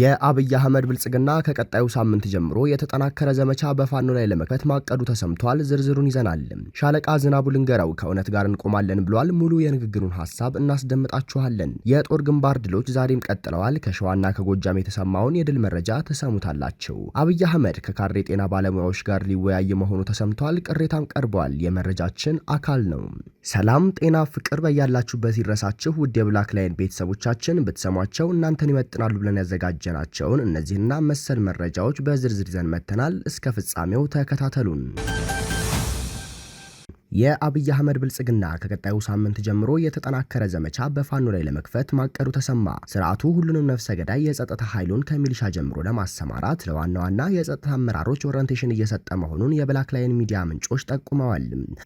የአብይ አህመድ ብልጽግና ከቀጣዩ ሳምንት ጀምሮ የተጠናከረ ዘመቻ በፋኖ ላይ ለመክፈት ማቀዱ ተሰምቷል። ዝርዝሩን ይዘናል። ሻለቃ ዝናቡ ልንገረው ከእውነት ጋር እንቆማለን ብሏል። ሙሉ የንግግሩን ሀሳብ እናስደምጣችኋለን። የጦር ግንባር ድሎች ዛሬም ቀጥለዋል። ከሸዋና ከጎጃም የተሰማውን የድል መረጃ ተሰሙታላቸው። አብይ አህመድ ከካሬ ጤና ባለሙያዎች ጋር ሊወያይ መሆኑ ተሰምቷል። ቅሬታም ቀርቧል። የመረጃችን አካል ነው። ሰላም፣ ጤና፣ ፍቅር በያላችሁበት ይድረሳችሁ ውድ የብላክ ላይን ቤተሰቦቻችን ብትሰሟቸው እናንተን ይመጥናሉ ብለን ያዘጋጀ ያዘጋጀናቸውን እነዚህና መሰል መረጃዎች በዝርዝር ይዘን መጥተናል። እስከ ፍጻሜው ተከታተሉን። የአብይ አህመድ ብልጽግና ከቀጣዩ ሳምንት ጀምሮ የተጠናከረ ዘመቻ በፋኖ ላይ ለመክፈት ማቀዱ ተሰማ። ስርዓቱ ሁሉንም ነፍሰ ገዳይ የጸጥታ ኃይሉን ከሚሊሻ ጀምሮ ለማሰማራት ለዋና ዋና የጸጥታ አመራሮች ኦሪንቴሽን እየሰጠ መሆኑን የብላክ ላይን ሚዲያ ምንጮች ጠቁመዋል።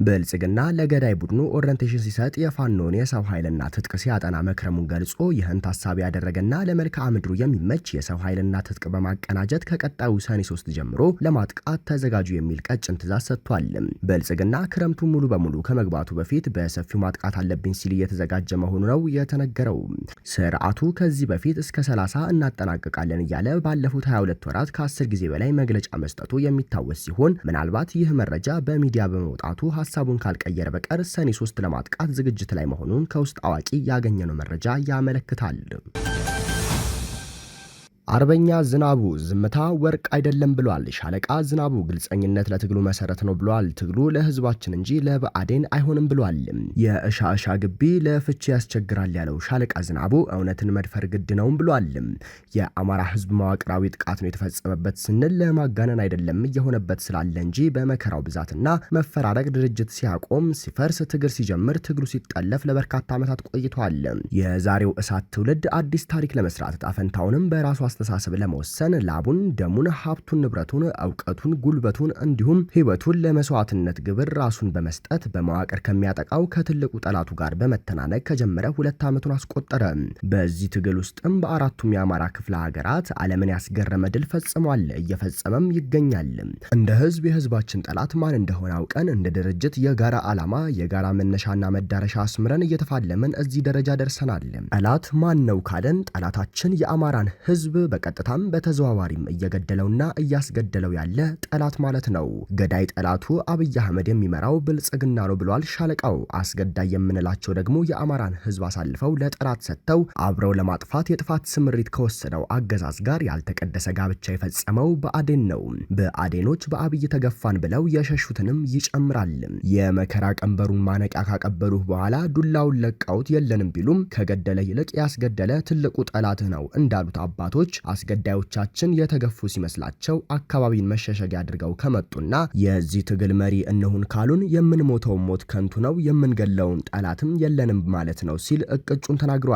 ብልጽግና ለገዳይ ቡድኑ ኦሪንቴሽን ሲሰጥ የፋኖን የሰው ኃይልና ትጥቅ ሲያጠና መክረሙን ገልጾ ይህን ታሳቢ ያደረገና ለመልክዓ ምድሩ የሚመች የሰው ኃይልና ትጥቅ በማቀናጀት ከቀጣዩ ሰኔ ሶስት ጀምሮ ለማጥቃት ተዘጋጁ የሚል ቀጭን ትእዛዝ ሰጥቷል። ብልጽግና ክረምቱ ሙሉ በሙሉ ከመግባቱ በፊት በሰፊው ማጥቃት አለብኝ ሲል እየተዘጋጀ መሆኑ ነው የተነገረው። ስርዓቱ ከዚህ በፊት እስከ 30 እናጠናቀቃለን እያለ ባለፉት 22 ወራት ከ10 ጊዜ በላይ መግለጫ መስጠቱ የሚታወስ ሲሆን ምናልባት ይህ መረጃ በሚዲያ በመውጣቱ ሀሳቡን ካልቀየረ በቀር ሰኔ 3 ለማጥቃት ዝግጅት ላይ መሆኑን ከውስጥ አዋቂ ያገኘነው መረጃ ያመለክታል። አርበኛ ዝናቡ ዝምታ ወርቅ አይደለም ብሏል። ሻለቃ ዝናቡ ግልጸኝነት ለትግሉ መሰረት ነው ብሏል። ትግሉ ለህዝባችን እንጂ ለብአዴን አይሆንም ብሏል። የእሻእሻ ግቢ ለፍቺ ያስቸግራል ያለው ሻለቃ ዝናቡ እውነትን መድፈር ግድ ነውም ብሏል። የአማራ ህዝብ መዋቅራዊ ጥቃት ነው የተፈጸመበት ስንል ለማጋነን አይደለም እየሆነበት ስላለ እንጂ በመከራው ብዛትና መፈራረቅ ድርጅት ሲያቆም ሲፈርስ ትግል ሲጀምር ትግሉ ሲጠለፍ ለበርካታ ዓመታት ቆይቷል። የዛሬው እሳት ትውልድ አዲስ ታሪክ ለመስራት ጣፈንታውንም በራሱ አስተሳሰብ ለመወሰን ላቡን፣ ደሙን፣ ሀብቱን፣ ንብረቱን፣ እውቀቱን፣ ጉልበቱን እንዲሁም ህይወቱን ለመስዋዕትነት ግብር ራሱን በመስጠት በመዋቅር ከሚያጠቃው ከትልቁ ጠላቱ ጋር በመተናነቅ ከጀመረ ሁለት ዓመቱን አስቆጠረ። በዚህ ትግል ውስጥም በአራቱም የአማራ ክፍለ ሀገራት ዓለምን ያስገረመ ድል ፈጽሟል፣ እየፈጸመም ይገኛል። እንደ ህዝብ የህዝባችን ጠላት ማን እንደሆነ አውቀን እንደ ድርጅት የጋራ ዓላማ የጋራ መነሻና መዳረሻ አስምረን እየተፋለመን እዚህ ደረጃ ደርሰናል። ጠላት ማን ነው ካለን ጠላታችን የአማራን ህዝብ በቀጥታም በተዘዋዋሪም እየገደለውና እያስገደለው ያለ ጠላት ማለት ነው። ገዳይ ጠላቱ አብይ አህመድ የሚመራው ብልጽግና ነው ብሏል ሻለቃው። አስገዳይ የምንላቸው ደግሞ የአማራን ህዝብ አሳልፈው ለጠላት ሰጥተው አብረው ለማጥፋት የጥፋት ስምሪት ከወሰደው አገዛዝ ጋር ያልተቀደሰ ጋብቻ የፈጸመው በአዴን ነው። በአዴኖች በአብይ ተገፋን ብለው የሸሹትንም ይጨምራል። የመከራ ቀንበሩን ማነቂያ ካቀበሉህ በኋላ ዱላውን ለቃውት የለንም ቢሉም ከገደለ ይልቅ ያስገደለ ትልቁ ጠላትህ ነው እንዳሉት አባቶች አስገዳዮቻችን የተገፉ ሲመስላቸው አካባቢን መሸሸጊያ አድርገው ከመጡና የዚህ ትግል መሪ እንሁን ካሉን የምንሞተውን ሞት ከንቱ ነው፣ የምንገለውን ጠላትም የለንም ማለት ነው ሲል እቅጩን ተናግሯል።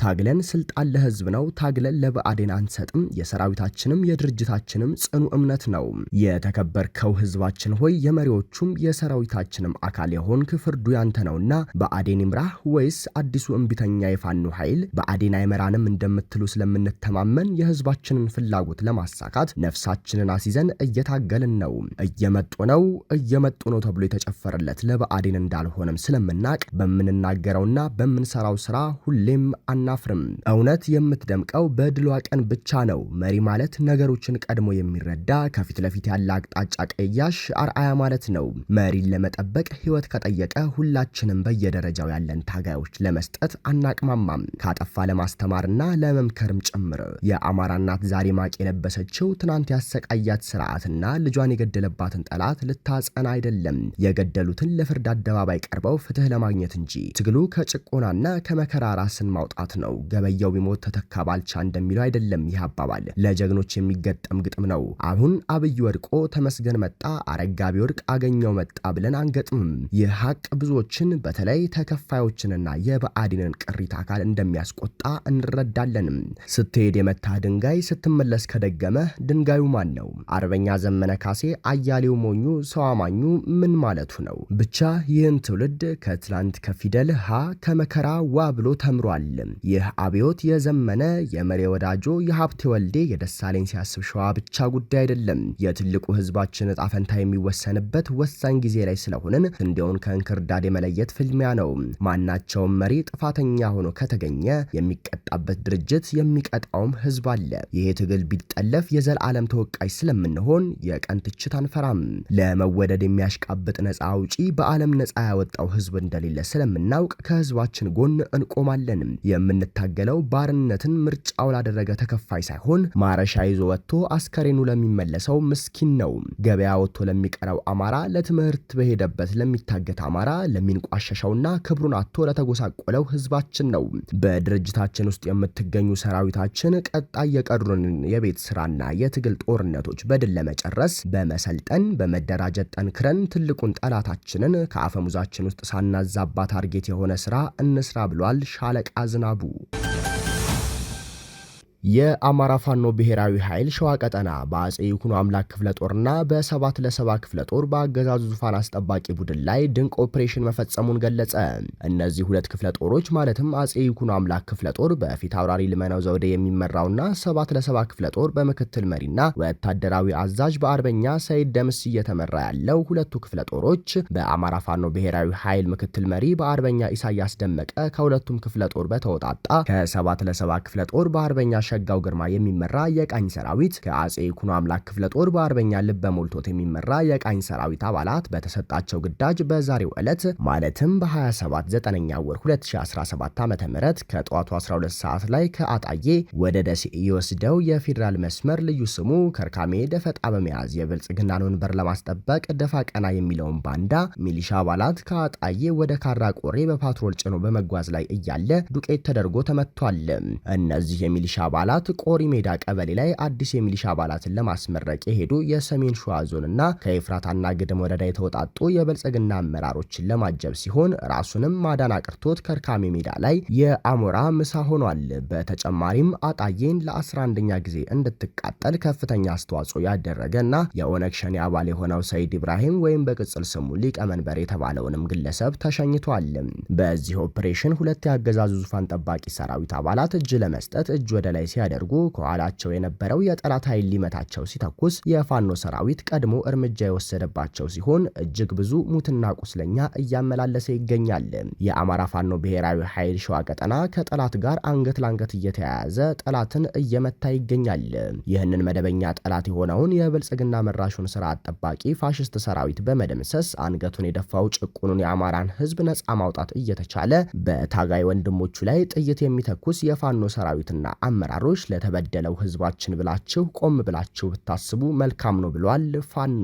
ታግለን ስልጣን ለህዝብ ነው፣ ታግለን ለብአዴን አንሰጥም፣ የሰራዊታችንም የድርጅታችንም ጽኑ እምነት ነው። የተከበርከው ህዝባችን ሆይ የመሪዎቹም የሰራዊታችንም አካል የሆንክ ፍርዱ ያንተ ነውና በአዴን ይምራህ ወይስ አዲሱ እምቢተኛ የፋኑ ኃይል በአዴን አይመራንም እንደምትሉ ስለምንተማመን በማሳመን የህዝባችንን ፍላጎት ለማሳካት ነፍሳችንን አስይዘን እየታገልን ነው። እየመጡ ነው እየመጡ ነው ተብሎ የተጨፈረለት ለብአዴን እንዳልሆነም ስለምናቅ በምንናገረውና በምንሰራው ስራ ሁሌም አናፍርም። እውነት የምትደምቀው በድሏ ቀን ብቻ ነው። መሪ ማለት ነገሮችን ቀድሞ የሚረዳ ከፊት ለፊት ያለ አቅጣጫ ቀያሽ አርአያ ማለት ነው። መሪን ለመጠበቅ ህይወት ከጠየቀ ሁላችንም በየደረጃው ያለን ታጋዮች ለመስጠት አናቅማማም፣ ካጠፋ ለማስተማርና ለመምከርም ጭምር። የአማራ እናት ዛሬ ማቅ የለበሰችው ትናንት ያሰቃያት ስርዓትና ልጇን የገደለባትን ጠላት ልታጸና አይደለም፣ የገደሉትን ለፍርድ አደባባይ ቀርበው ፍትህ ለማግኘት እንጂ። ትግሉ ከጭቆናና ከመከራ ራስን ማውጣት ነው። ገበያው ቢሞት ተተካ ባልቻ እንደሚለው አይደለም። ይህ አባባል ለጀግኖች የሚገጠም ግጥም ነው። አሁን አብይ ወድቆ ተመስገን መጣ፣ አረጋ ቢወድቅ አገኘው መጣ ብለን አንገጥምም። ይህ ሀቅ ብዙዎችን በተለይ ተከፋዮችንና የበአዲንን ቅሪት አካል እንደሚያስቆጣ እንረዳለንም። ስትሄድ መታ ድንጋይ ስትመለስ ከደገመ ድንጋዩ ማን ነው? አርበኛ ዘመነ ካሴ አያሌው ሞኙ ሰው አማኙ ምን ማለቱ ነው? ብቻ ይህን ትውልድ ከትላንት ከፊደል ሀ ከመከራ ዋ ብሎ ተምሯል። ይህ አብዮት የዘመነ የመሬ ወዳጆ የሀብቴ ወልዴ የደሳለኝ ሲያስብ ሸዋ ብቻ ጉዳይ አይደለም። የትልቁ ህዝባችን እጣ ፈንታ የሚወሰንበት ወሳኝ ጊዜ ላይ ስለሆንን ስንዴውን ከእንክርዳድ የመለየት ፍልሚያ ነው። ማናቸውም መሪ ጥፋተኛ ሆኖ ከተገኘ የሚቀጣበት ድርጅት የሚቀጣውም የቆመም ህዝብ አለ። ይሄ ትግል ቢጠለፍ የዘላለም ተወቃሽ ስለምንሆን የቀን ትችት አንፈራም። ለመወደድ የሚያሽቃብጥ ነፃ አውጪ በዓለም ነፃ ያወጣው ህዝብ እንደሌለ ስለምናውቅ ከህዝባችን ጎን እንቆማለን። የምንታገለው ባርነትን ምርጫው ላደረገ ተከፋይ ሳይሆን ማረሻ ይዞ ወጥቶ አስከሬኑ ለሚመለሰው ምስኪን ነው። ገበያ ወጥቶ ለሚቀረው አማራ፣ ለትምህርት በሄደበት ለሚታገት አማራ፣ ለሚንቋሸሸውና ክብሩን አጥቶ ለተጎሳቆለው ህዝባችን ነው። በድርጅታችን ውስጥ የምትገኙ ሰራዊታችን ቀጣይ የቀሩንን የቤት ስራና የትግል ጦርነቶች በድል ለመጨረስ በመሰልጠን በመደራጀት ጠንክረን ትልቁን ጠላታችንን ከአፈሙዛችን ውስጥ ሳናዛባ ታርጌት የሆነ ስራ እንስራ ብሏል ሻለቃ ዝናቡ። የአማራ ፋኖ ብሔራዊ ኃይል ሸዋ ቀጠና በአጼ ይኩኖ አምላክ ክፍለ ጦርና በሰባት ለሰባ ክፍለ ጦር በአገዛዙ ዙፋን አስጠባቂ ቡድን ላይ ድንቅ ኦፕሬሽን መፈጸሙን ገለጸ። እነዚህ ሁለት ክፍለ ጦሮች ማለትም አጼ ይኩኖ አምላክ ክፍለ ጦር በፊት አውራሪ ልመናው ዘውዴ የሚመራውና ሰባት ለሰባ ክፍለ ጦር በምክትል መሪና ወታደራዊ አዛዥ በአርበኛ ሰይድ ደምስ እየተመራ ያለው ሁለቱ ክፍለ ጦሮች በአማራ ፋኖ ብሔራዊ ኃይል ምክትል መሪ በአርበኛ ኢሳያስ ደመቀ ከሁለቱም ክፍለ ጦር በተወጣጣ ከሰባት ለሰባ ክፍለ ጦር በአርበኛ በሸጋው ግርማ የሚመራ የቃኝ ሰራዊት ከአጼ ይኩኖ አምላክ ክፍለ ጦር በአርበኛ ልበ ሞልቶት የሚመራ የቃኝ ሰራዊት አባላት በተሰጣቸው ግዳጅ በዛሬው ዕለት ማለትም በ27 9 ወር 2017 ዓ ም ከጠዋቱ 12 ሰዓት ላይ ከአጣዬ ወደ ደሴ የወስደው የፌዴራል መስመር ልዩ ስሙ ከርካሜ ደፈጣ በመያዝ የብልጽግናን ወንበር ለማስጠበቅ ደፋ ቀና የሚለውን ባንዳ ሚሊሻ አባላት ከአጣዬ ወደ ካራ ቆሬ በፓትሮል ጭኖ በመጓዝ ላይ እያለ ዱቄት ተደርጎ ተመቷል። እነዚህ የሚሊሻ አባላት አባላት ቆሪ ሜዳ ቀበሌ ላይ አዲስ የሚሊሻ አባላትን ለማስመረቅ የሄዱ የሰሜን ሸዋ ዞንና ከኤፍራታና ግድም ወረዳ የተወጣጡ የብልጽግና አመራሮችን ለማጀብ ሲሆን ራሱንም ማዳን አቅርቶት ከርካሚ ሜዳ ላይ የአሞራ ምሳ ሆኗል። በተጨማሪም አጣዬን ለ11ኛ ጊዜ እንድትቃጠል ከፍተኛ አስተዋጽኦ ያደረገ የኦነግ ሸኔ አባል የሆነው ሰይድ ኢብራሂም ወይም በቅጽል ስሙ ሊቀመንበር የተባለውንም ግለሰብ ተሸኝቷል። በዚህ ኦፕሬሽን ሁለት የአገዛዙ ዙፋን ጠባቂ ሰራዊት አባላት እጅ ለመስጠት እጅ ወደ ላይ ሲያደርጉ ከኋላቸው የነበረው የጠላት ኃይል ሊመታቸው ሲተኩስ የፋኖ ሰራዊት ቀድሞ እርምጃ የወሰደባቸው ሲሆን እጅግ ብዙ ሙትና ቁስለኛ እያመላለሰ ይገኛል። የአማራ ፋኖ ብሔራዊ ኃይል ሸዋ ቀጠና ከጠላት ጋር አንገት ለአንገት እየተያያዘ ጠላትን እየመታ ይገኛል። ይህንን መደበኛ ጠላት የሆነውን የብልጽግና መራሹን ስራ ጠባቂ ፋሽስት ሰራዊት በመደምሰስ አንገቱን የደፋው ጭቁኑን የአማራን ህዝብ ነጻ ማውጣት እየተቻለ በታጋይ ወንድሞቹ ላይ ጥይት የሚተኩስ የፋኖ ሰራዊትና አመራር አመራሮች ለተበደለው ህዝባችን ብላችሁ ቆም ብላችሁ ብታስቡ መልካም ነው ብሏል ፋኖ።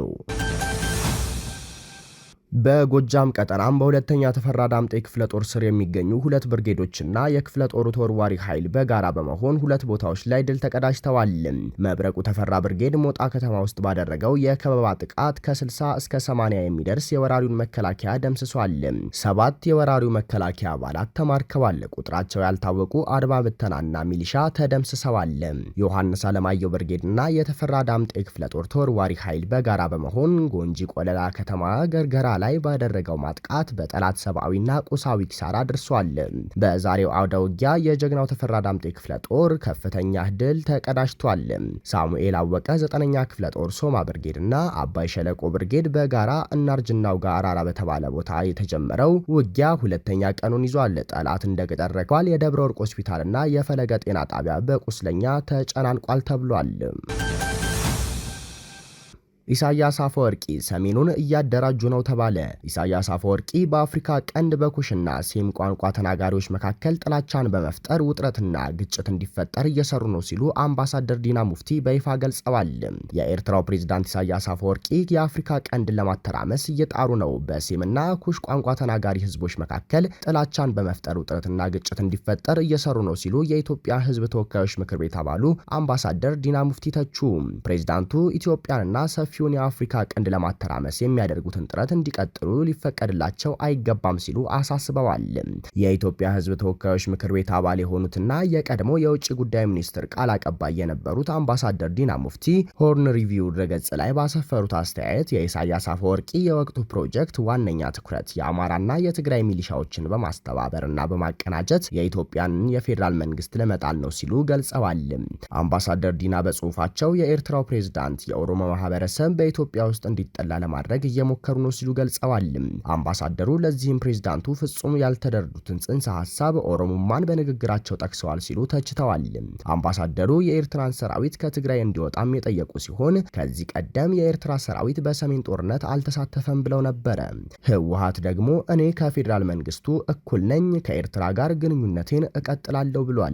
በጎጃም ቀጠናም በሁለተኛ ተፈራ ዳምጤ ክፍለ ጦር ስር የሚገኙ ሁለት ብርጌዶችና የክፍለ ጦሩ ተወርዋሪ ኃይል በጋራ በመሆን ሁለት ቦታዎች ላይ ድል ተቀዳጅተዋል። መብረቁ ተፈራ ብርጌድ ሞጣ ከተማ ውስጥ ባደረገው የከበባ ጥቃት ከ60 እስከ 80 የሚደርስ የወራሪውን መከላከያ ደምስሷል። ሰባት የወራሪው መከላከያ አባላት ተማርከዋል። ቁጥራቸው ያልታወቁ አድባ ብተናና ሚሊሻ ተደምስሰዋል። ዮሐንስ አለማየሁ ብርጌድና የተፈራ ዳምጤ ክፍለ ጦር ተወርዋሪ ኃይል በጋራ በመሆን ጎንጂ ቆለላ ከተማ ገርገራ ላይ ባደረገው ማጥቃት በጠላት ሰብአዊና ቁሳዊ ኪሳራ ደርሷል። በዛሬው አውደ ውጊያ የጀግናው ተፈራ ዳምጤ ክፍለ ጦር ከፍተኛ ድል ተቀዳጅቷል። ሳሙኤል አወቀ ዘጠነኛ ክፍለ ጦር ሶማ ብርጌድና አባይ ሸለቆ ብርጌድ በጋራ እናርጅናው ጋር አራራ በተባለ ቦታ የተጀመረው ውጊያ ሁለተኛ ቀኑን ይዟል። ጠላት እንደገጠር ረግፏል። የደብረ ወርቅ ሆስፒታልና የፈለገ ጤና ጣቢያ በቁስለኛ ተጨናንቋል ተብሏል። ኢሳያስ አፈወርቂ ሰሜኑን እያደራጁ ነው ተባለ። ኢሳያስ አፈወርቂ በአፍሪካ ቀንድ በኩሽና ሴም ቋንቋ ተናጋሪዎች መካከል ጥላቻን በመፍጠር ውጥረትና ግጭት እንዲፈጠር እየሰሩ ነው ሲሉ አምባሳደር ዲና ሙፍቲ በይፋ ገልጸዋል። የኤርትራው ፕሬዝዳንት ኢሳያስ አፈወርቂ የአፍሪካ ቀንድ ለማተራመስ እየጣሩ ነው፣ በሴምና ኩሽ ቋንቋ ተናጋሪ ህዝቦች መካከል ጥላቻን በመፍጠር ውጥረትና ግጭት እንዲፈጠር እየሰሩ ነው ሲሉ የኢትዮጵያ ህዝብ ተወካዮች ምክር ቤት አባሉ አምባሳደር ዲና ሙፍቲ ተቹ። ፕሬዝዳንቱ ኢትዮጵያንና ሰፊ ሰፊውን የአፍሪካ ቀንድ ለማተራመስ የሚያደርጉትን ጥረት እንዲቀጥሉ ሊፈቀድላቸው አይገባም ሲሉ አሳስበዋል። የኢትዮጵያ ሕዝብ ተወካዮች ምክር ቤት አባል የሆኑትና የቀድሞ የውጭ ጉዳይ ሚኒስትር ቃል አቀባይ የነበሩት አምባሳደር ዲና ሙፍቲ ሆርን ሪቪው ድረገጽ ላይ ባሰፈሩት አስተያየት የኢሳያስ አፈወርቂ የወቅቱ ፕሮጀክት ዋነኛ ትኩረት የአማራና የትግራይ ሚሊሻዎችን በማስተባበርና በማቀናጀት የኢትዮጵያን የፌዴራል መንግስት ለመጣል ነው ሲሉ ገልጸዋል። አምባሳደር ዲና በጽሁፋቸው የኤርትራው ፕሬዝዳንት የኦሮሞ ማህበረሰብ አልተፈጸመም፣ በኢትዮጵያ ውስጥ እንዲጠላ ለማድረግ እየሞከሩ ነው ሲሉ ገልጸዋል። አምባሳደሩ ለዚህም ፕሬዝዳንቱ ፍጹም ያልተደረዱትን ጽንሰ ሀሳብ ኦሮሞማን በንግግራቸው ጠቅሰዋል ሲሉ ተችተዋል። አምባሳደሩ የኤርትራን ሰራዊት ከትግራይ እንዲወጣም የጠየቁ ሲሆን ከዚህ ቀደም የኤርትራ ሰራዊት በሰሜን ጦርነት አልተሳተፈም ብለው ነበረ። ህወሀት ደግሞ እኔ ከፌዴራል መንግስቱ እኩል ነኝ፣ ከኤርትራ ጋር ግንኙነቴን እቀጥላለሁ ብሏል።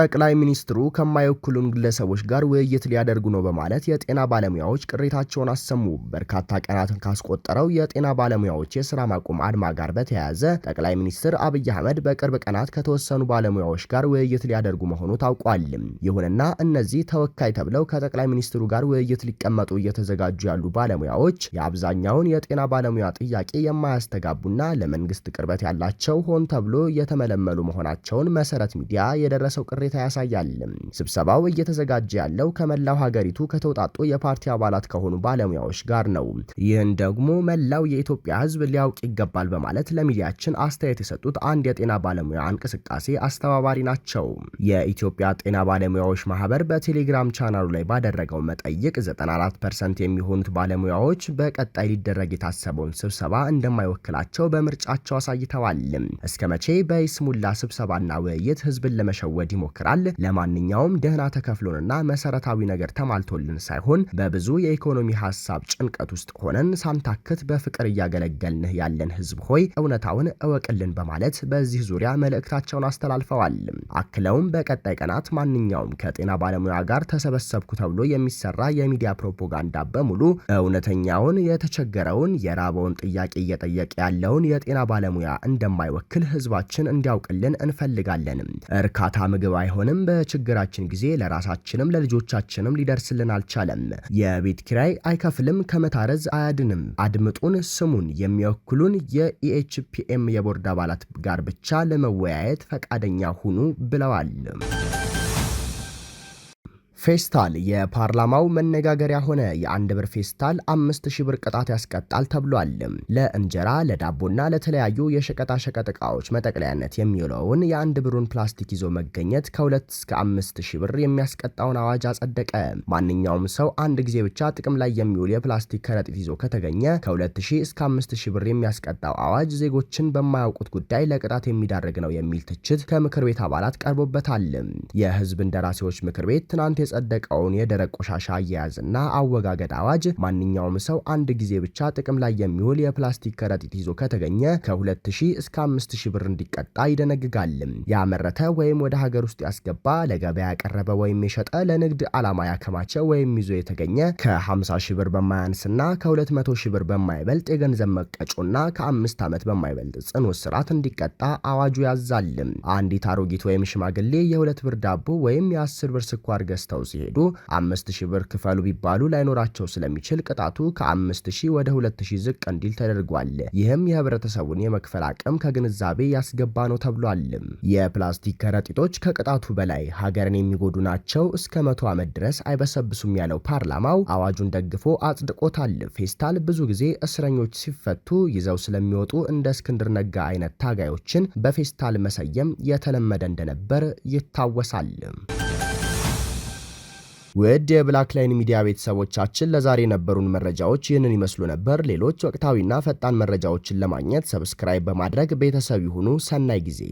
ጠቅላይ ሚኒስትሩ ከማይወክሉን ግለሰቦች ጋር ውይይት ሊያደርጉ ነው በማለት የጤና ባለሙያዎች ቅሬታቸውን አሰሙ። በርካታ ቀናትን ካስቆጠረው የጤና ባለሙያዎች የስራ ማቆም አድማ ጋር በተያያዘ ጠቅላይ ሚኒስትር አብይ አህመድ በቅርብ ቀናት ከተወሰኑ ባለሙያዎች ጋር ውይይት ሊያደርጉ መሆኑ ታውቋል። ይሁንና እነዚህ ተወካይ ተብለው ከጠቅላይ ሚኒስትሩ ጋር ውይይት ሊቀመጡ እየተዘጋጁ ያሉ ባለሙያዎች የአብዛኛውን የጤና ባለሙያ ጥያቄ የማያስተጋቡና ለመንግስት ቅርበት ያላቸው ሆን ተብሎ የተመለመሉ መሆናቸውን መሰረት ሚዲያ የደረሰው ቅሬታ ሁኔታ ያሳያል። ስብሰባው እየተዘጋጀ ያለው ከመላው ሀገሪቱ ከተውጣጡ የፓርቲ አባላት ከሆኑ ባለሙያዎች ጋር ነው። ይህን ደግሞ መላው የኢትዮጵያ ሕዝብ ሊያውቅ ይገባል በማለት ለሚዲያችን አስተያየት የሰጡት አንድ የጤና ባለሙያ እንቅስቃሴ አስተባባሪ ናቸው። የኢትዮጵያ ጤና ባለሙያዎች ማህበር በቴሌግራም ቻናሉ ላይ ባደረገው መጠይቅ 94 ፐርሰንት የሚሆኑት ባለሙያዎች በቀጣይ ሊደረግ የታሰበውን ስብሰባ እንደማይወክላቸው በምርጫቸው አሳይተዋል። እስከ መቼ በይስሙላ ስብሰባና ውይይት ህዝብን ለመሸወድ ይሞ ይሞክራል። ለማንኛውም ደህና ተከፍሎንና መሰረታዊ ነገር ተሟልቶልን ሳይሆን በብዙ የኢኮኖሚ ሀሳብ ጭንቀት ውስጥ ሆነን ሳንታክት በፍቅር እያገለገልንህ ያለን ህዝብ ሆይ እውነታውን እወቅልን በማለት በዚህ ዙሪያ መልእክታቸውን አስተላልፈዋል። አክለውም በቀጣይ ቀናት ማንኛውም ከጤና ባለሙያ ጋር ተሰበሰብኩ ተብሎ የሚሰራ የሚዲያ ፕሮፓጋንዳ በሙሉ እውነተኛውን፣ የተቸገረውን፣ የራበውን ጥያቄ እየጠየቀ ያለውን የጤና ባለሙያ እንደማይወክል ህዝባችን እንዲያውቅልን እንፈልጋለን። እርካታ ምግብ ባይሆንም በችግራችን ጊዜ ለራሳችንም ለልጆቻችንም ሊደርስልን አልቻለም። የቤት ኪራይ አይከፍልም፣ ከመታረዝ አያድንም። አድምጡን፣ ስሙን። የሚወክሉን የኢኤችፒኤም የቦርድ አባላት ጋር ብቻ ለመወያየት ፈቃደኛ ሁኑ ብለዋል። ፌስታል የፓርላማው መነጋገሪያ ሆነ። የአንድ ብር ፌስታል አምስት ሺህ ብር ቅጣት ያስቀጣል ተብሏል። ለእንጀራ ለዳቦና ለተለያዩ የሸቀጣሸቀጥ እቃዎች መጠቅለያነት የሚውለውን የአንድ ብሩን ፕላስቲክ ይዞ መገኘት ከሁለት እስከ አምስት ሺህ ብር የሚያስቀጣውን አዋጅ አጸደቀ። ማንኛውም ሰው አንድ ጊዜ ብቻ ጥቅም ላይ የሚውል የፕላስቲክ ከረጢት ይዞ ከተገኘ ከሁለት ሺህ እስከ አምስት ሺህ ብር የሚያስቀጣው አዋጅ ዜጎችን በማያውቁት ጉዳይ ለቅጣት የሚዳርግ ነው የሚል ትችት ከምክር ቤት አባላት ቀርቦበታል። የህዝብ እንደራሴዎች ምክር ቤት ትናንት የጸደቀውን የደረቅ ቆሻሻ አያያዝና አወጋገድ አዋጅ ማንኛውም ሰው አንድ ጊዜ ብቻ ጥቅም ላይ የሚውል የፕላስቲክ ከረጢት ይዞ ከተገኘ ከ2000 እስከ 5000 ብር እንዲቀጣ ይደነግጋል። ያመረተ ወይም ወደ ሀገር ውስጥ ያስገባ፣ ለገበያ ያቀረበ ወይም የሸጠ፣ ለንግድ ዓላማ ያከማቸ ወይም ይዞ የተገኘ ከ50 ሺህ ብር በማያንስና ከ200 ሺህ ብር በማይበልጥ የገንዘብ መቀጮና ከአምስት ዓመት በማይበልጥ ጽኑ እስራት እንዲቀጣ አዋጁ ያዛልም። አንዲት አሮጊት ወይም ሽማግሌ የሁለት ብር ዳቦ ወይም የአስር ብር ስኳር ገዝተው አምጥተው ሲሄዱ አምስት ሺህ ብር ክፈሉ ቢባሉ ላይኖራቸው ስለሚችል ቅጣቱ ከአምስት ሺህ ወደ ሁለት ሺህ ዝቅ እንዲል ተደርጓል። ይህም የህብረተሰቡን የመክፈል አቅም ከግንዛቤ ያስገባ ነው ተብሏል። የፕላስቲክ ከረጢቶች ከቅጣቱ በላይ ሀገርን የሚጎዱ ናቸው፣ እስከ መቶ ዓመት ድረስ አይበሰብሱም ያለው ፓርላማው አዋጁን ደግፎ አጽድቆታል። ፌስታል ብዙ ጊዜ እስረኞች ሲፈቱ ይዘው ስለሚወጡ እንደ እስክንድር ነጋ አይነት ታጋዮችን በፌስታል መሰየም የተለመደ እንደነበር ይታወሳል። ውድ የብላክ ላይን ሚዲያ ቤተሰቦቻችን ለዛሬ የነበሩን መረጃዎች ይህንን ይመስሉ ነበር። ሌሎች ወቅታዊና ፈጣን መረጃዎችን ለማግኘት ሰብስክራይብ በማድረግ ቤተሰብ ይሁኑ። ሰናይ ጊዜ